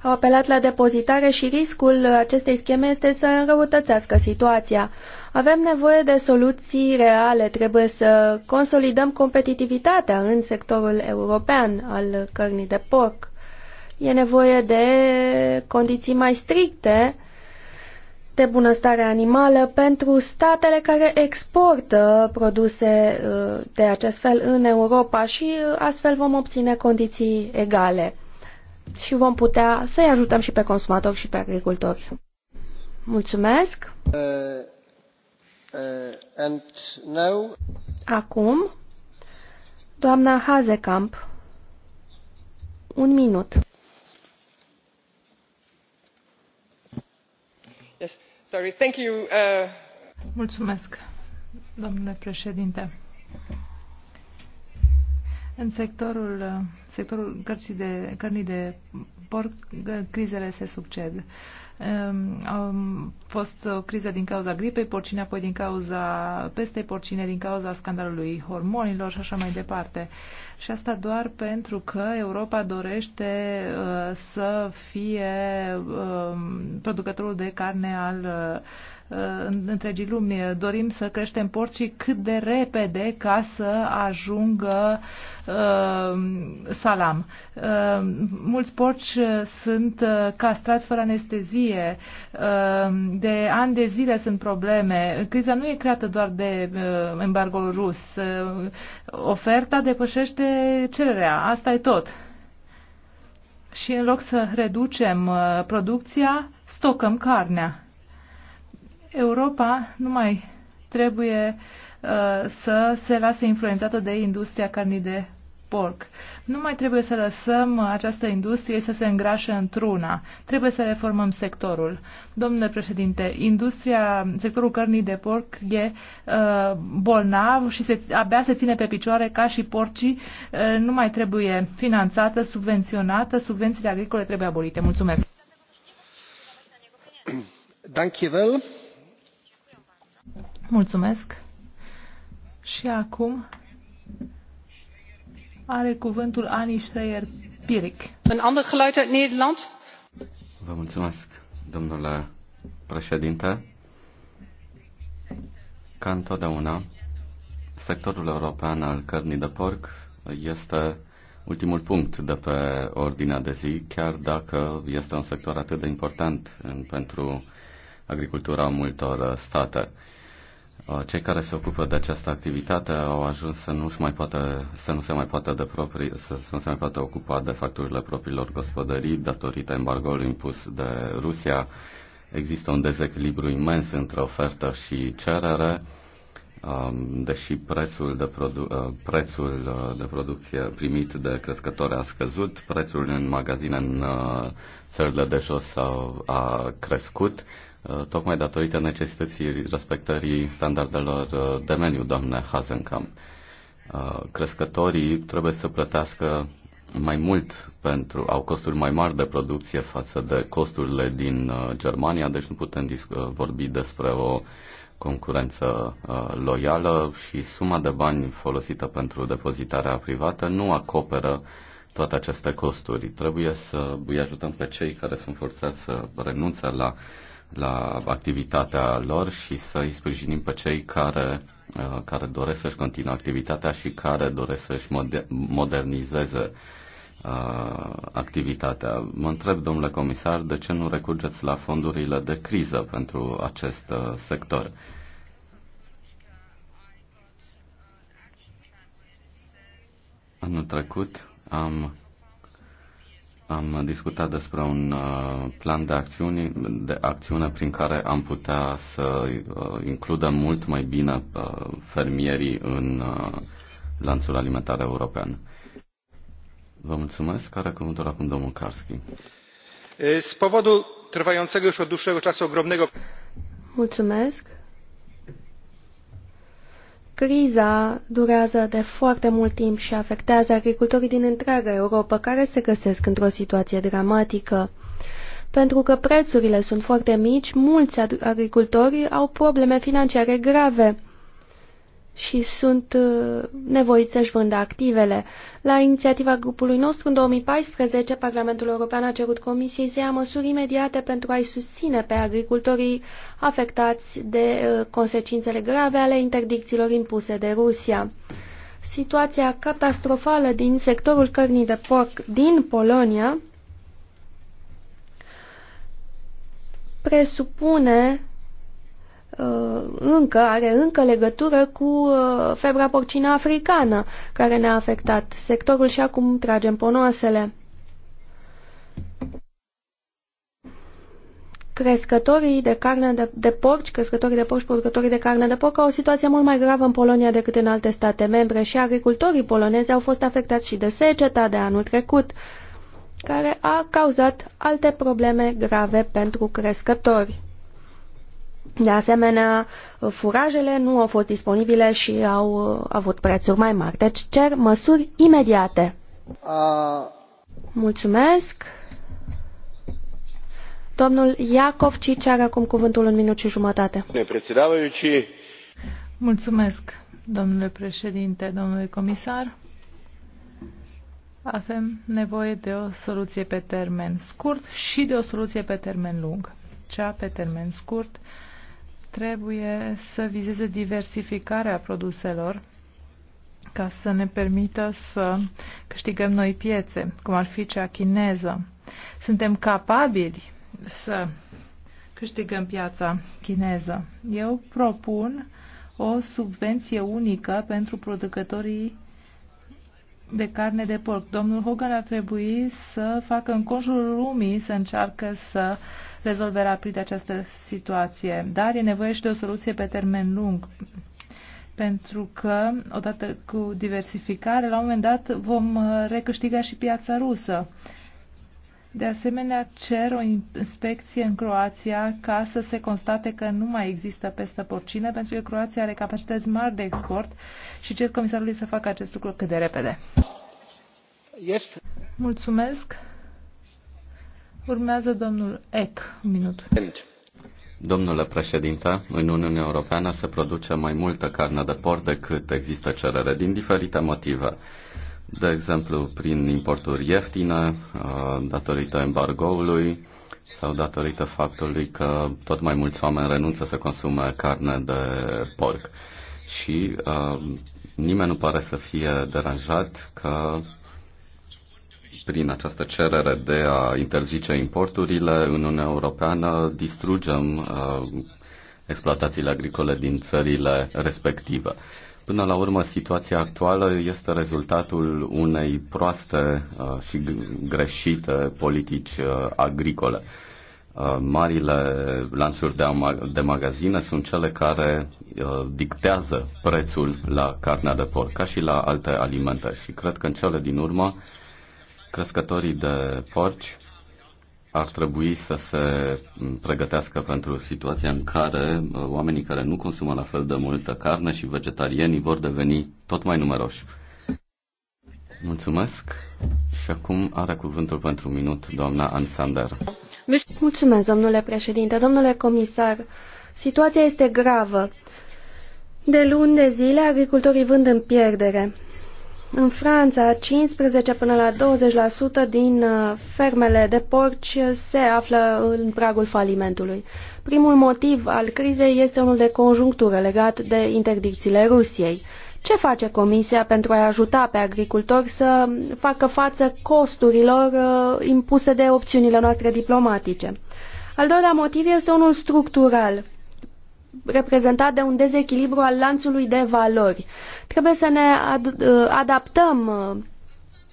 au apelat la depozitare și riscul acestei scheme este să înrăutățească situația. Avem nevoie de soluții reale, trebuie să consolidăm competitivitatea în sectorul european al cărnii de porc. E nevoie de condiții mai stricte de bunăstare animală pentru statele care exportă produse uh, de acest fel în Europa și uh, astfel vom obține condiții egale și vom putea să-i ajutăm și pe consumatori și pe agricultori. Mulțumesc! Uh, uh, and now... Acum, doamna Hazekamp, un minut. Yes, sorry, thank you, uh... Mulțumesc, domnule președinte. În sectorul, sectorul cărții de, cărnii de porc, crizele se succed. A fost o criză din cauza gripei porcine, apoi din cauza pestei porcine, din cauza scandalului hormonilor și așa mai departe. Și asta doar pentru că Europa dorește uh, să fie um, producătorul de carne al uh, Uh, întregii lumi. Dorim să creștem porcii cât de repede ca să ajungă uh, salam. Uh, mulți porci sunt uh, castrați fără anestezie. Uh, de ani de zile sunt probleme. Criza nu e creată doar de uh, embargoul rus. Uh, oferta depășește cererea. Asta e tot și în loc să reducem uh, producția, stocăm carnea. Europa nu mai trebuie uh, să se lase influențată de industria carnii de porc. Nu mai trebuie să lăsăm această industrie să se îngrașe într-una. Trebuie să reformăm sectorul. Domnule președinte, industria, sectorul cărnii de porc e uh, bolnav și se, abia se ține pe picioare ca și porcii. Uh, nu mai trebuie finanțată, subvenționată. Subvențiile agricole trebuie abolite. Mulțumesc. Danke Mulțumesc. Și acum are cuvântul Ani Schreier Pirik. Un ander geluid uit Nederland. Vă mulțumesc, domnule președinte. Ca întotdeauna, sectorul european al cărnii de porc este ultimul punct de pe ordinea de zi, chiar dacă este un sector atât de important pentru agricultura multor state. Uh, cei care se ocupă de această activitate au ajuns să nu, mai poate, să nu se mai poată de proprii, să, să nu se mai poată ocupa de facturile propriilor gospodării datorită embargoului impus de Rusia. Există un dezechilibru imens între ofertă și cerere, um, deși prețul de, produ- uh, prețul uh, de producție primit de crescători a scăzut, prețul în magazine în țările de jos a, a crescut Uh, tocmai datorită necesității respectării standardelor uh, de meniu, doamne Hazencam. Uh, crescătorii trebuie să plătească mai mult pentru, au costuri mai mari de producție față de costurile din Germania, deci nu putem vorbi despre o concurență loială și suma de bani folosită pentru depozitarea privată nu acoperă toate aceste costuri. Trebuie să îi ajutăm pe cei care sunt forțați să renunțe la uh, la activitatea lor și să îi sprijinim pe cei care, uh, care doresc să-și continue activitatea și care doresc să-și modernizeze uh, activitatea. Mă întreb, domnule comisar, de ce nu recurgeți la fondurile de criză pentru acest uh, sector? Anul trecut am am discutat despre un uh, plan de acțiune, de acțiune prin care am putea să uh, includem mult mai bine uh, fermierii în lanțul alimentar european. Vă mulțumesc. Care cuvântul acum domnul Karski? Z powodu trwającego już od dłuższego czasu ogromnego... Mulțumesc. Criza durează de foarte mult timp și afectează agricultorii din întreaga Europa care se găsesc într-o situație dramatică. Pentru că prețurile sunt foarte mici, mulți agricultori au probleme financiare grave și sunt uh, nevoiți să-și vândă activele. La inițiativa grupului nostru, în 2014, Parlamentul European a cerut Comisiei să ia măsuri imediate pentru a-i susține pe agricultorii afectați de uh, consecințele grave ale interdicțiilor impuse de Rusia. Situația catastrofală din sectorul cărnii de porc din Polonia presupune Uh, încă, are încă legătură cu uh, febra porcină africană care ne-a afectat sectorul și acum tragem ponoasele. Crescătorii de carne de, de porci, crescătorii de porci, producătorii de carne de porc au o situație mult mai gravă în Polonia decât în alte state membre și agricultorii polonezi au fost afectați și de seceta de anul trecut, care a cauzat alte probleme grave pentru crescători. De asemenea, furajele nu au fost disponibile și au avut prețuri mai mari. Deci cer măsuri imediate. A... Mulțumesc. Domnul Iacov Cici are acum cuvântul în minut și jumătate. Mulțumesc, domnule președinte, domnule comisar. Avem nevoie de o soluție pe termen scurt și de o soluție pe termen lung. Cea pe termen scurt trebuie să vizeze diversificarea produselor ca să ne permită să câștigăm noi piețe, cum ar fi cea chineză. Suntem capabili să câștigăm piața chineză. Eu propun o subvenție unică pentru producătorii de carne de porc. Domnul Hogan ar trebui să facă în conjurul lumii să încearcă să uh, rezolve rapid această situație, dar e nevoie și de o soluție pe termen lung pentru că, odată cu diversificare, la un moment dat vom uh, recâștiga și piața rusă. De asemenea, cer o inspecție în Croația ca să se constate că nu mai există pestă porcină, pentru că Croația are capacități mari de export și cer comisarului să facă acest lucru cât de repede. Yes. Mulțumesc. Urmează domnul Eck, un minut. Domnule președinte, în Uniunea Europeană se produce mai multă carne de porc decât există cerere, din diferite motive. De exemplu, prin importuri ieftine, uh, datorită embargoului sau datorită faptului că tot mai mulți oameni renunță să consume carne de porc. Și uh, nimeni nu pare să fie deranjat că prin această cerere de a interzice importurile în Uniunea Europeană distrugem uh, exploatațiile agricole din țările respective. Până la urmă, situația actuală este rezultatul unei proaste uh, și greșite politici uh, agricole. Uh, marile lanțuri de, magazine sunt cele care uh, dictează prețul la carnea de porc, ca și la alte alimente. Și cred că în cele din urmă Crescătorii de porci ar trebui să se pregătească pentru situația în care uh, oamenii care nu consumă la fel de multă carne și vegetarienii vor deveni tot mai numeroși. Mulțumesc și acum are cuvântul pentru un minut doamna Ansander. Mulțumesc, domnule președinte. Domnule comisar, situația este gravă. De luni de zile, agricultorii vând în pierdere. În Franța, 15 până la 20% din uh, fermele de porci se află în pragul falimentului. Primul motiv al crizei este unul de conjunctură legat de interdicțiile Rusiei. Ce face Comisia pentru a ajuta pe agricultori să facă față costurilor uh, impuse de opțiunile noastre diplomatice? Al doilea motiv este unul structural reprezentat de un dezechilibru al lanțului de valori. Trebuie să ne ad uh, adaptăm uh,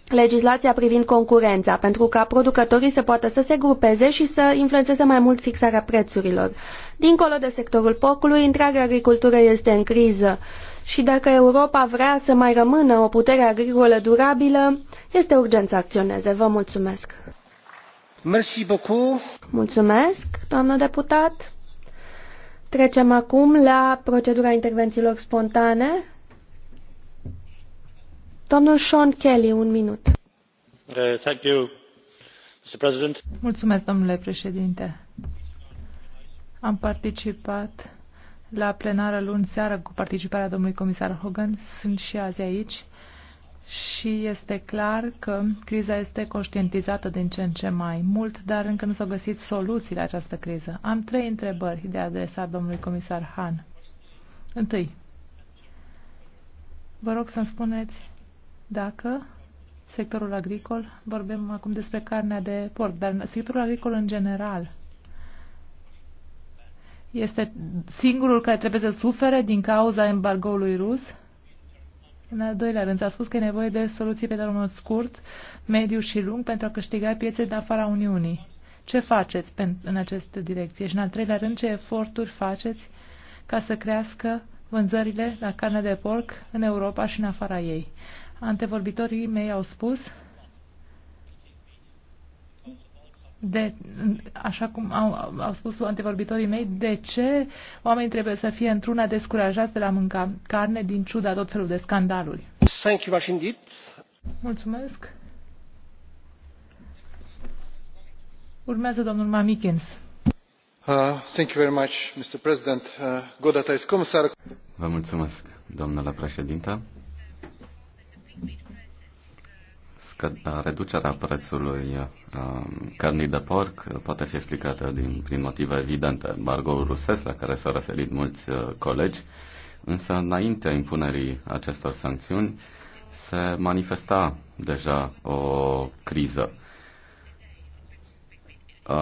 legislația privind concurența, pentru ca producătorii să poată să se grupeze și să influențeze mai mult fixarea prețurilor. Dincolo de sectorul porcului, întreaga agricultură este în criză și dacă Europa vrea să mai rămână o putere agricolă durabilă, este urgent să acționeze. Vă mulțumesc! Merci beaucoup. Mulțumesc, doamnă deputat! Trecem acum la procedura intervențiilor spontane. Domnul Sean Kelly, un minut. Uh, Mulțumesc, domnule președinte. Am participat la plenară luni seară cu participarea domnului comisar Hogan. Sunt și azi aici și este clar că criza este conștientizată din ce în ce mai mult, dar încă nu s-au găsit soluții la această criză. Am trei întrebări de adresat domnului comisar Han. Întâi, vă rog să-mi spuneți dacă sectorul agricol, vorbim acum despre carnea de porc, dar sectorul agricol în general este singurul care trebuie să sufere din cauza embargoului rus? În al doilea rând, s-a spus că e nevoie de soluții pe termen scurt, mediu și lung pentru a câștiga piețe din afara Uniunii. Ce faceți în această direcție? Și în al treilea rând, ce eforturi faceți ca să crească vânzările la carne de porc în Europa și în afara ei? Antevorbitorii mei au spus de, așa cum au, au spus antevorbitorii mei, de ce oamenii trebuie să fie într-una descurajați de la mânca carne din ciuda tot felul de scandaluri. Thank you, Mulțumesc. Urmează domnul Mamikens. Uh, thank you very much, Mr. President. Uh, godātais Vă mulțumesc, domnule președinte, scă- reducerea prețului um, cărnii de porc poate fi explicată din, prin motive evidente. Bargoul rusesc, la care s-au referit mulți uh, colegi, însă înaintea impunerii acestor sancțiuni se manifesta deja o criză.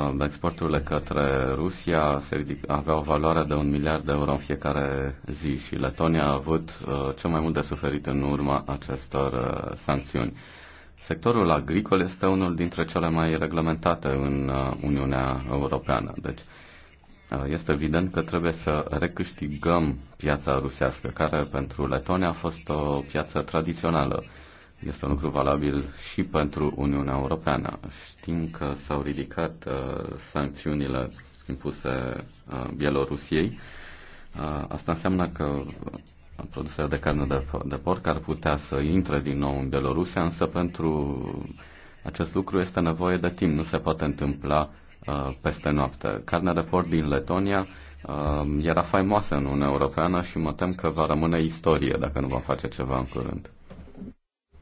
Um, exporturile către Rusia aveau o valoare de un miliard de euro în fiecare zi și Letonia a avut uh, cel mai mult de suferit în urma acestor uh, sancțiuni. Sectorul agricol este unul dintre cele mai reglementate în uh, Uniunea Europeană. Deci, uh, este evident că trebuie să recâștigăm piața rusească, care pentru Letonia a fost o piață tradițională. Este un lucru valabil și pentru Uniunea Europeană. Știm că s-au ridicat uh, sancțiunile impuse uh, Bielorusiei. Uh, asta înseamnă că produsele de carne de, de porc ar putea să intre din nou în Belorusia, însă pentru acest lucru este nevoie de timp, nu se poate întâmpla uh, peste noapte. Carnea de porc din Letonia uh, era faimoasă în Uniunea Europeană și mă tem că va rămâne istorie dacă nu va face ceva în curând.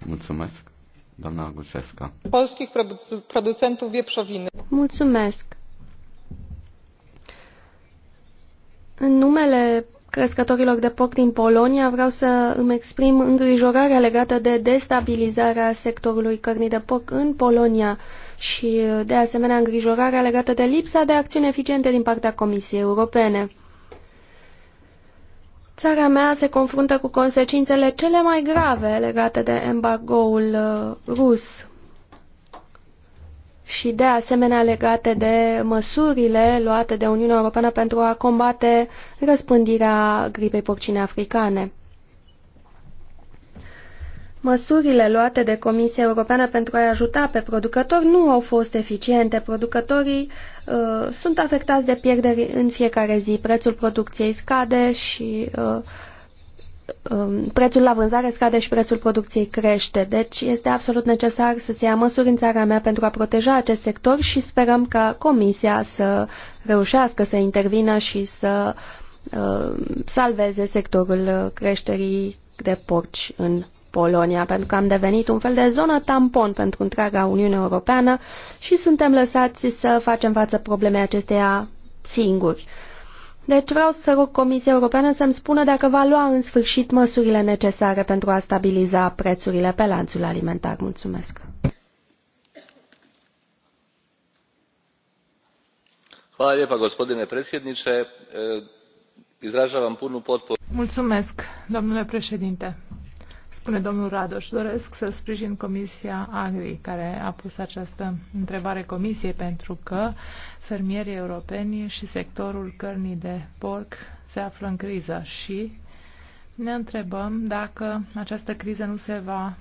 Mulțumesc. Doamna Agușesca. Polskich producentów wieprzowiny. Mulțumesc. În numele crescătorilor de porc din Polonia, vreau să îmi exprim îngrijorarea legată de destabilizarea sectorului cărnii de porc în Polonia și, de asemenea, îngrijorarea legată de lipsa de acțiuni eficiente din partea Comisiei Europene. Țara mea se confruntă cu consecințele cele mai grave legate de embargoul uh, rus și de asemenea legate de măsurile luate de Uniunea Europeană pentru a combate răspândirea gripei porcine africane. Măsurile luate de Comisia Europeană pentru a-i ajuta pe producători nu au fost eficiente. Producătorii uh, sunt afectați de pierderi în fiecare zi. Prețul producției scade și uh, Um, prețul la vânzare scade și prețul producției crește. Deci este absolut necesar să se ia măsuri în țara mea pentru a proteja acest sector și sperăm ca Comisia să reușească să intervină și să uh, salveze sectorul creșterii de porci în Polonia, pentru că am devenit un fel de zonă tampon pentru întreaga Uniune Europeană și suntem lăsați să facem față problemei acesteia singuri. Deci vreau să rog Comisia Europeană să-mi spună dacă va lua în sfârșit măsurile necesare pentru a stabiliza prețurile pe lanțul alimentar. Mulțumesc! gospodine punu potporu. domnule președinte spune domnul Radoș, doresc să sprijin comisia agri care a pus această întrebare comisiei pentru că fermierii europeni și sectorul cărnii de porc se află în criză și ne întrebăm dacă această criză nu se va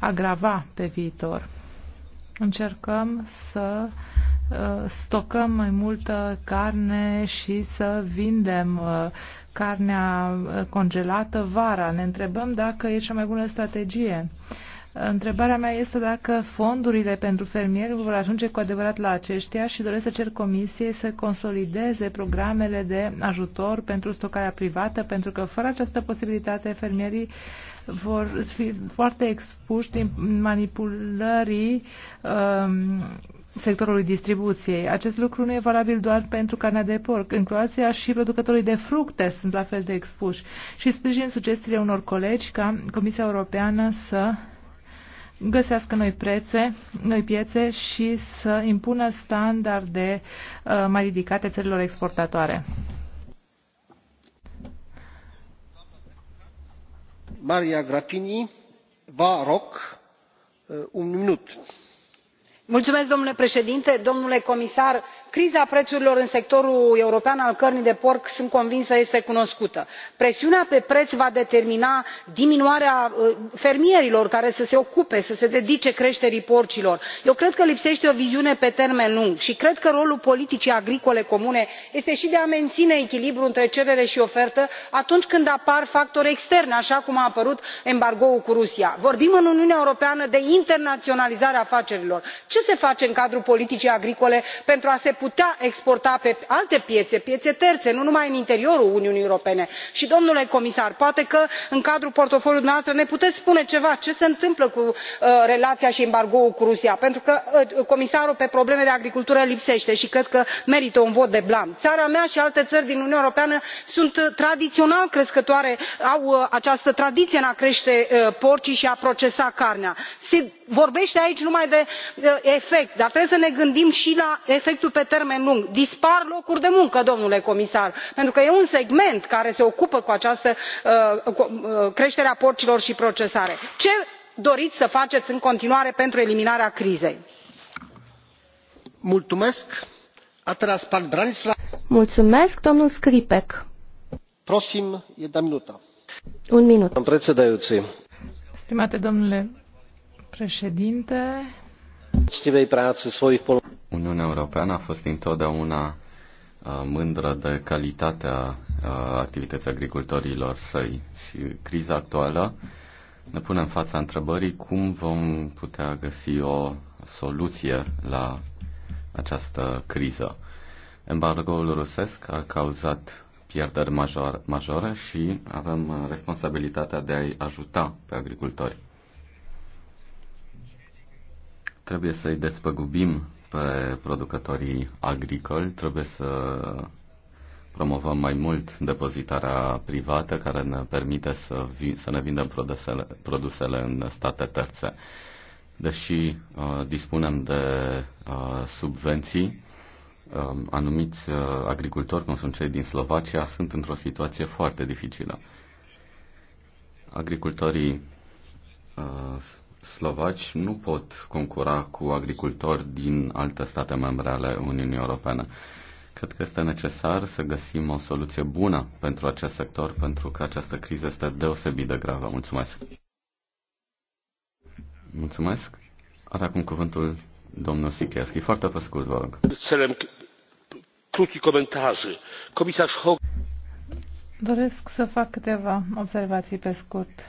agrava pe viitor. Încercăm să uh, stocăm mai multă carne și să vindem uh, carnea uh, congelată vara. Ne întrebăm dacă e cea mai bună strategie. Întrebarea mea este dacă fondurile pentru fermieri vor ajunge cu adevărat la aceștia și doresc să cer comisiei să consolideze programele de ajutor pentru stocarea privată, pentru că fără această posibilitate fermierii vor fi foarte expuși din manipulării um, sectorului distribuției. Acest lucru nu e valabil doar pentru carnea de porc. În Croația și producătorii de fructe sunt la fel de expuși. Și sprijin sugestiile unor colegi ca Comisia Europeană să găsească noi prețe, noi piețe și să impună standarde uh, mai ridicate țărilor exportatoare. Maria Grapini, va roc uh, un minut domnule președinte domnule comisar criza prețurilor în sectorul european al cărnii de porc sunt convinsă este cunoscută. presiunea pe preț va determina diminuarea uh, fermierilor care să se ocupe să se dedice creșterii porcilor. eu cred că lipsește o viziune pe termen lung și cred că rolul politicii agricole comune este și de a menține echilibrul între cerere și ofertă atunci când apar factori externi așa cum a apărut embargoul cu rusia. vorbim în uniunea europeană de internaționalizare a afacerilor se face în cadrul politicii agricole pentru a se putea exporta pe alte piețe piețe terțe nu numai în interiorul uniunii europene? și domnule comisar poate că în cadrul portofoliului dumneavoastră ne puteți spune ceva ce se întâmplă cu uh, relația și embargoul cu rusia pentru că uh, comisarul pe probleme de agricultură lipsește și cred că merită un vot de blam. țara mea și alte țări din uniunea europeană sunt uh, tradițional crescătoare au această tradiție în a crește porcii și a procesa carnea. se vorbește aici numai de efect dar trebuie să ne gândim și la efectul pe termen lung dispar locuri de muncă domnule comisar pentru că e un segment care se ocupă cu această uh, uh, creștere a porcilor și procesare. ce doriți să faceți în continuare pentru eliminarea crizei? Mulțumesc, Mulțumesc Prosim, minuta. Un minut. Stimate domnule președinte Uniunea Europeană a fost întotdeauna uh, mândră de calitatea uh, activității agricultorilor săi și criza actuală ne pune în fața întrebării cum vom putea găsi o soluție la această criză. Embargoul rusesc a cauzat pierderi major, majore și avem uh, responsabilitatea de a-i ajuta pe agricultori. Trebuie să-i despăgubim pe producătorii agricoli, trebuie să promovăm mai mult depozitarea privată care ne permite să, vi- să ne vindem produsele, produsele în state terțe. Deși uh, dispunem de uh, subvenții, uh, anumiți uh, agricultori, cum sunt cei din Slovacia, sunt într-o situație foarte dificilă. Agricultorii uh, slovaci nu pot concura cu agricultori din alte state membre ale Uniunii Europene. Cred că este necesar să găsim o soluție bună pentru acest sector, pentru că această criză este deosebit de gravă. Mulțumesc! Mulțumesc! Are acum cuvântul domnul Sikierski. Foarte pe scurt, vă rog. comentarii. Comisar Doresc să fac câteva observații pe scurt.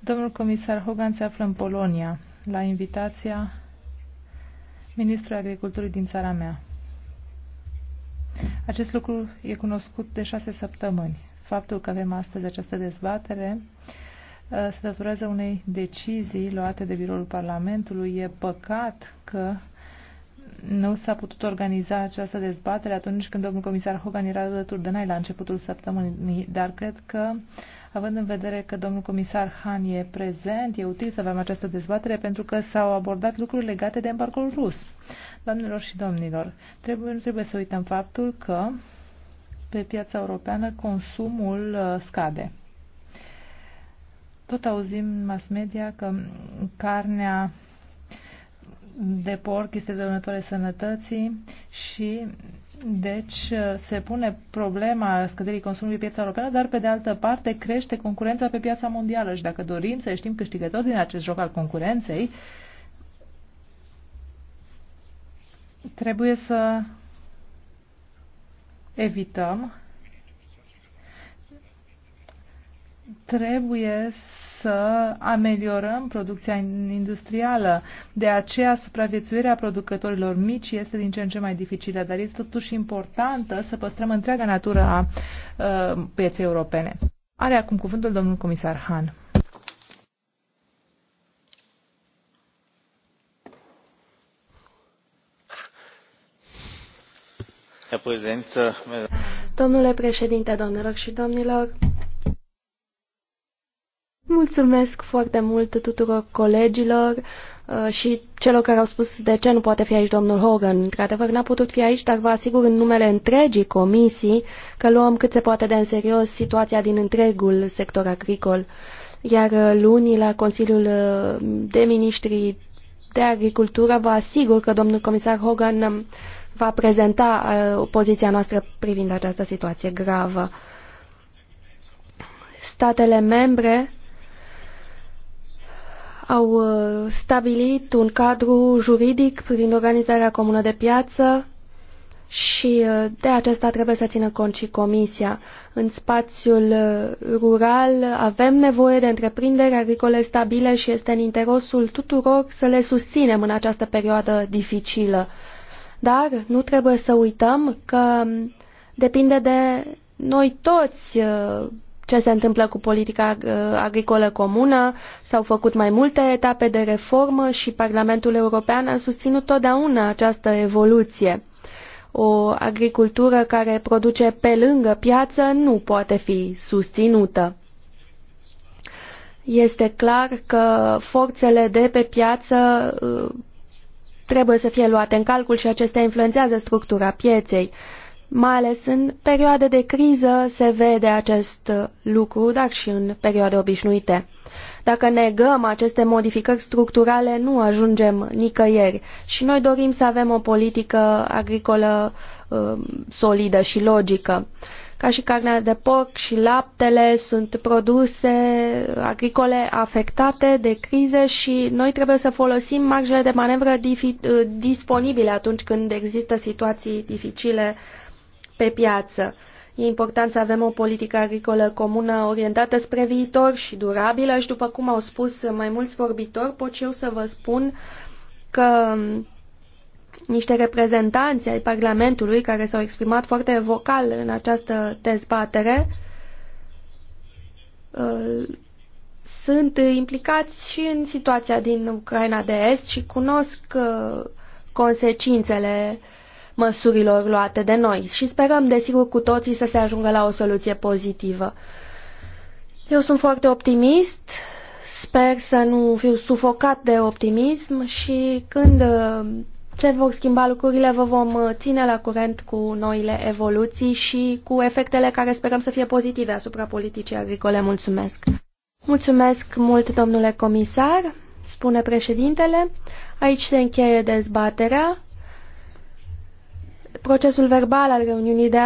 Domnul comisar Hogan se află în Polonia la invitația ministrului agriculturii din țara mea. Acest lucru e cunoscut de șase săptămâni. Faptul că avem astăzi această dezbatere uh, se datorează unei decizii luate de biroul Parlamentului. E păcat că nu s-a putut organiza această dezbatere atunci când domnul comisar Hogan era alături de noi la începutul săptămânii, dar cred că uh, Având în vedere că domnul comisar Han e prezent, e util să avem această dezbatere pentru că s-au abordat lucruri legate de embargoul rus. Doamnelor și domnilor, trebuie, nu trebuie să uităm faptul că pe piața europeană consumul uh, scade. Tot auzim mass media că carnea de porc este dăunătoare sănătății și deci uh, se pune problema scăderii consumului pe piața europeană, dar pe de altă parte crește concurența pe piața mondială și dacă dorim să ieșim câștigători din acest joc al concurenței, trebuie să evităm trebuie să ameliorăm producția industrială. De aceea, supraviețuirea producătorilor mici este din ce în ce mai dificilă, dar este totuși importantă să păstrăm întreaga natură a uh, pieței europene. Are acum cuvântul domnul comisar Han. Äh, Domnule președinte, domnilor și domnilor, Mulțumesc foarte mult tuturor colegilor uh, și celor care au spus de ce nu poate fi aici domnul Hogan. Într-adevăr, n-a putut fi aici, dar vă asigur în numele întregii comisii că luăm cât se poate de în serios situația din întregul sector agricol. Iar uh, luni la Consiliul uh, de Ministri de Agricultură vă asigur că domnul comisar Hogan um, va prezenta poziția noastră privind această situație gravă. Statele membre au uh, stabilit un cadru juridic privind organizarea comună de piață și uh, de acesta trebuie să țină cont și Comisia. În spațiul uh, rural avem nevoie de întreprinderi agricole stabile și este în interesul tuturor să le susținem în această perioadă dificilă. Dar nu trebuie să uităm că um, depinde de noi toți ce se întâmplă cu politica uh, agricolă comună. S-au făcut mai multe etape de reformă și Parlamentul European a susținut totdeauna această evoluție. O agricultură care produce pe lângă piață nu poate fi susținută. Este clar că forțele de pe piață uh, trebuie să fie luate în calcul și acestea influențează structura pieței. Mai ales în perioade de criză se vede acest lucru, dar și în perioade obișnuite. Dacă negăm aceste modificări structurale, nu ajungem nicăieri și noi dorim să avem o politică agricolă uh, solidă și logică. Ca și carnea de porc și laptele sunt produse agricole afectate de crize și noi trebuie să folosim marjele de manevră uh, disponibile atunci când există situații dificile pe piață. E important să avem o politică agricolă comună orientată spre viitor și durabilă și după cum au spus mai mulți vorbitori, pot și eu să vă spun că niște reprezentanți ai Parlamentului care s-au exprimat foarte vocal în această dezbatere uh, sunt implicați și în situația din Ucraina de Est și cunosc uh, consecințele uh, măsurilor luate de noi și sperăm, desigur, cu toții să se ajungă la o soluție pozitivă. Eu sunt foarte optimist, sper să nu fiu sufocat de optimism și când uh, se vor schimba lucrurile, vă vom uh, ține la curent cu noile evoluții și cu efectele care sperăm să fie pozitive asupra politicii agricole. Mulțumesc! Mulțumesc mult, domnule comisar, spune președintele. Aici se încheie dezbaterea. Procesul verbal al reuniunii de